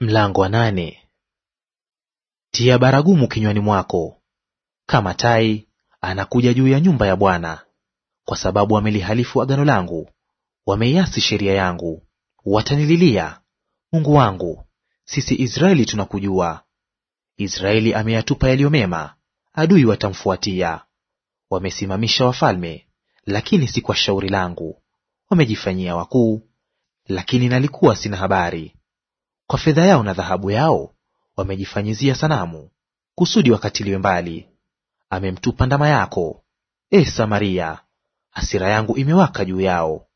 Mlango wa nane. Tia baragumu kinywani mwako, kama tai anakuja juu ya nyumba ya Bwana, kwa sababu wamelihalifu agano langu, wameiasi sheria yangu. Watanililia, Mungu wangu, sisi Israeli tunakujua. Israeli ameyatupa yaliyo mema, adui watamfuatia. Wamesimamisha wafalme, lakini si kwa shauri langu; wamejifanyia wakuu, lakini nalikuwa sina habari kwa fedha yao na dhahabu yao wamejifanyizia sanamu, kusudi wakatiliwe mbali. Amemtupa ndama yako, e Samaria; hasira yangu imewaka juu yao.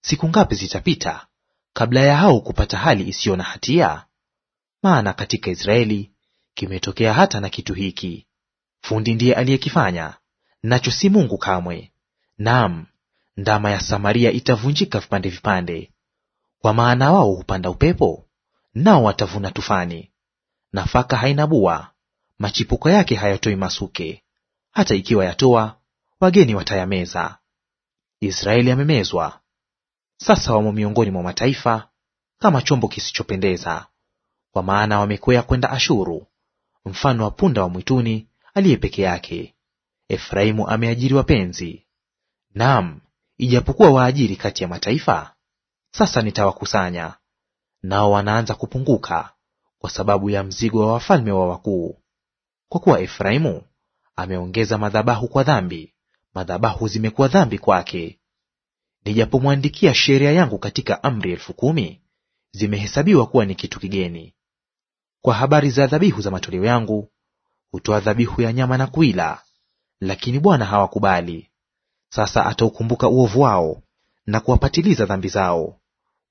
Siku ngapi zitapita kabla ya hao kupata hali isiyo na hatia? Maana katika Israeli kimetokea hata na kitu hiki. Fundi ndiye aliyekifanya, nacho si Mungu kamwe. Naam, ndama ya Samaria itavunjika vipande vipande, kwa maana wao hupanda upepo nao watavuna tufani. Nafaka haina bua, machipuko yake hayatoi masuke; hata ikiwa yatoa, wageni watayameza. Israeli amemezwa, sasa wamo miongoni mwa mataifa kama chombo kisichopendeza, kwa maana wamekwea kwenda Ashuru, mfano wa punda wa mwituni aliye peke yake. Efraimu ameajiri wapenzi; naam, ijapokuwa waajiri kati ya mataifa, sasa nitawakusanya nao wanaanza kupunguka kwa sababu ya mzigo wa wafalme wa wakuu. Kwa kuwa Efraimu ameongeza madhabahu kwa dhambi, madhabahu zimekuwa dhambi kwake. Nijapomwandikia sheria yangu katika amri elfu kumi, zimehesabiwa kuwa ni kitu kigeni. Kwa habari za dhabihu za matoleo yangu, hutoa dhabihu ya nyama na kuila, lakini Bwana hawakubali. Sasa ataukumbuka uovu wao na kuwapatiliza dhambi zao.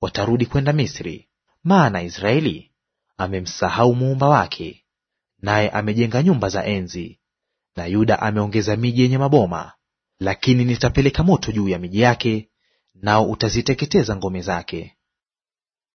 Watarudi kwenda Misri, maana Israeli amemsahau muumba wake, naye amejenga nyumba za enzi, na Yuda ameongeza miji yenye maboma. Lakini nitapeleka moto juu ya miji yake, nao utaziteketeza ngome zake.